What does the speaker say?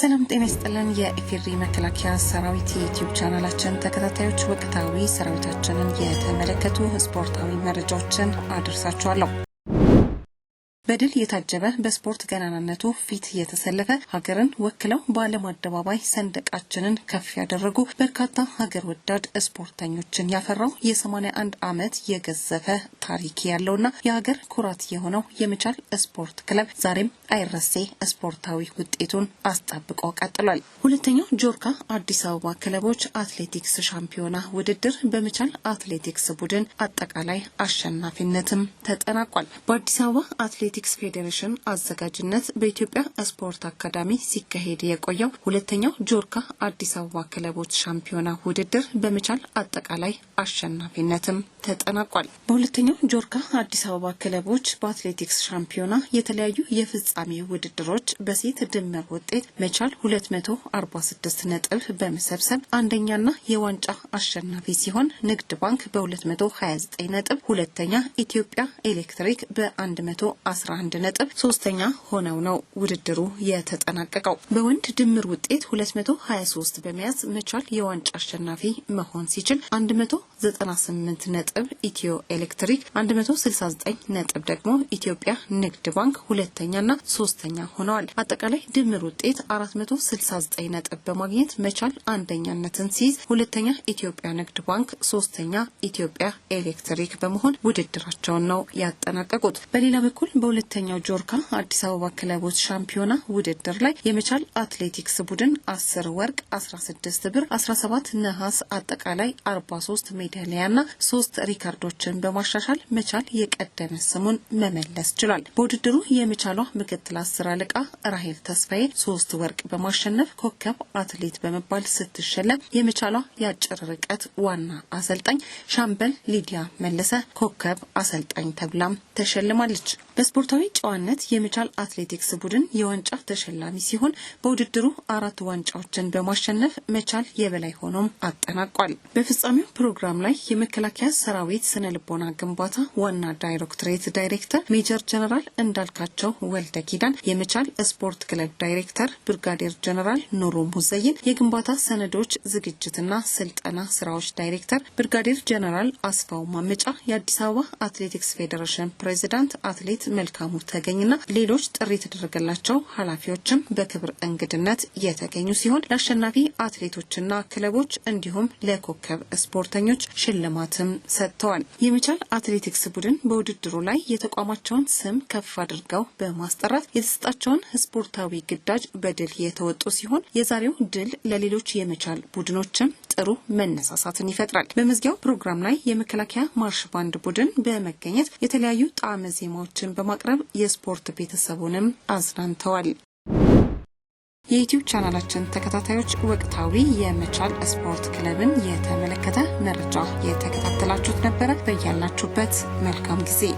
ሰላም ጤና ይስጥልን። የኢፌዴሪ መከላከያ ሰራዊት የዩቲዩብ ቻናላችን ተከታታዮች ወቅታዊ ሰራዊታችንን የተመለከቱ ስፖርታዊ መረጃዎችን አድርሳችኋለሁ። በድል የታጀበ በስፖርት ገናናነቱ ፊት የተሰለፈ ሀገርን ወክለው በዓለም አደባባይ ሰንደቃችንን ከፍ ያደረጉ በርካታ ሀገር ወዳድ ስፖርተኞችን ያፈራው የ81 ዓመት የገዘፈ ታሪክ ያለውና የሀገር ኩራት የሆነው የመቻል ስፖርት ክለብ ዛሬም አይረሴ ስፖርታዊ ውጤቱን አስጠብቆ ቀጥሏል። ሁለተኛው ጆርካ አዲስ አበባ ክለቦች አትሌቲክስ ሻምፒዮና ውድድር በመቻል አትሌቲክስ ቡድን አጠቃላይ አሸናፊነትም ተጠናቋል። በአዲስ አበባ አትሌቲክስ ፌዴሬሽን አዘጋጅነት በኢትዮጵያ ስፖርት አካዳሚ ሲካሄድ የቆየው ሁለተኛው ጆርካ አዲስ አበባ ክለቦች ሻምፒዮና ውድድር በመቻል አጠቃላይ አሸናፊነትም ተጠናቋል። በሁለተኛው ጆርካ አዲስ አበባ ክለቦች በአትሌቲክስ ሻምፒዮና የተለያዩ የፍጻሜ ውድድሮች በሴት ድምር ውጤት መቻል 246 ነጥብ በመሰብሰብ አንደኛና የዋንጫ አሸናፊ ሲሆን ንግድ ባንክ በ229 ነጥብ ሁለተኛ፣ ኢትዮጵያ ኤሌክትሪክ በ111 ነጥብ ሶስተኛ ሆነው ነው ውድድሩ የተጠናቀቀው። በወንድ ድምር ውጤት 223 በመያዝ መቻል የዋንጫ አሸናፊ መሆን ሲችል 198 ነጥብ ኢትዮ ኤሌክትሪክ 169 ነጥብ ደግሞ ኢትዮጵያ ንግድ ባንክ ሁለተኛና ሶስተኛ ሆነዋል። አጠቃላይ ድምር ውጤት 469 ነጥብ በማግኘት መቻል አንደኛነትን ሲይዝ፣ ሁለተኛ ኢትዮጵያ ንግድ ባንክ፣ ሶስተኛ ኢትዮጵያ ኤሌክትሪክ በመሆን ውድድራቸውን ነው ያጠናቀቁት። በሌላ በኩል በሁለተኛው ጆርካ አዲስ አበባ ክለቦች ሻምፒዮና ውድድር ላይ የመቻል አትሌቲክስ ቡድን 10 ወርቅ፣ 16 ብር፣ 17 ነሐስ አጠቃላይ 43 ሜዳሊያና ሶስት ሪካርዶችን በማሻሻል ሲባል መቻል የቀደመ ስሙን መመለስ ችሏል። በውድድሩ የመቻሏ ምክትል አስር አለቃ ራሄል ተስፋዬ ሶስት ወርቅ በማሸነፍ ኮከብ አትሌት በመባል ስትሸለም የመቻሏ የአጭር ርቀት ዋና አሰልጣኝ ሻምበል ሊዲያ መለሰ ኮከብ አሰልጣኝ ተብላም ተሸልማለች። በስፖርታዊ ጨዋነት የመቻል አትሌቲክስ ቡድን የዋንጫ ተሸላሚ ሲሆን በውድድሩ አራት ዋንጫዎችን በማሸነፍ መቻል የበላይ ሆኖም አጠናቋል። በፍጻሜው ፕሮግራም ላይ የመከላከያ ሰራዊት ስነ ልቦና ግንባታ ዋና ዳይሬክቶሬት ዳይሬክተር ሜጀር ጀነራል እንዳልካቸው ወልደ ኪዳን፣ የመቻል ስፖርት ክለብ ዳይሬክተር ብርጋዴር ጀነራል ኑሩ ሙዘይን፣ የግንባታ ሰነዶች ዝግጅትና ስልጠና ስራዎች ዳይሬክተር ብርጋዴር ጀነራል አስፋው ማመጫ፣ የአዲስ አበባ አትሌቲክስ ፌዴሬሽን ፕሬዚዳንት አትሌት መልካሙ ተገኝና ሌሎች ጥሪ የተደረገላቸው ኃላፊዎችም በክብር እንግድነት የተገኙ ሲሆን ለአሸናፊ አትሌቶችና ክለቦች እንዲሁም ለኮከብ ስፖርተኞች ሽልማትም ሰጥተዋል። የሚቻል አትሌቲክስ ቡድን በውድድሩ ላይ የተቋማቸውን ስም ከፍ አድርገው በማስጠራት የተሰጣቸውን ስፖርታዊ ግዳጅ በድል የተወጡ ሲሆን የዛሬው ድል ለሌሎች የመቻል ቡድኖችም ጥሩ መነሳሳትን ይፈጥራል። በመዝጊያው ፕሮግራም ላይ የመከላከያ ማርሽ ባንድ ቡድን በመገኘት የተለያዩ ጣዕመ ዜማዎችን በማቅረብ የስፖርት ቤተሰቡንም አዝናንተዋል። የዩትዩብ ቻናላችን ተከታታዮች ወቅታዊ የመቻል ስፖርት ክለብን የተመለከተ መረጃ የተከታተላችሁት ነበረ። በያላችሁበት መልካም ጊዜ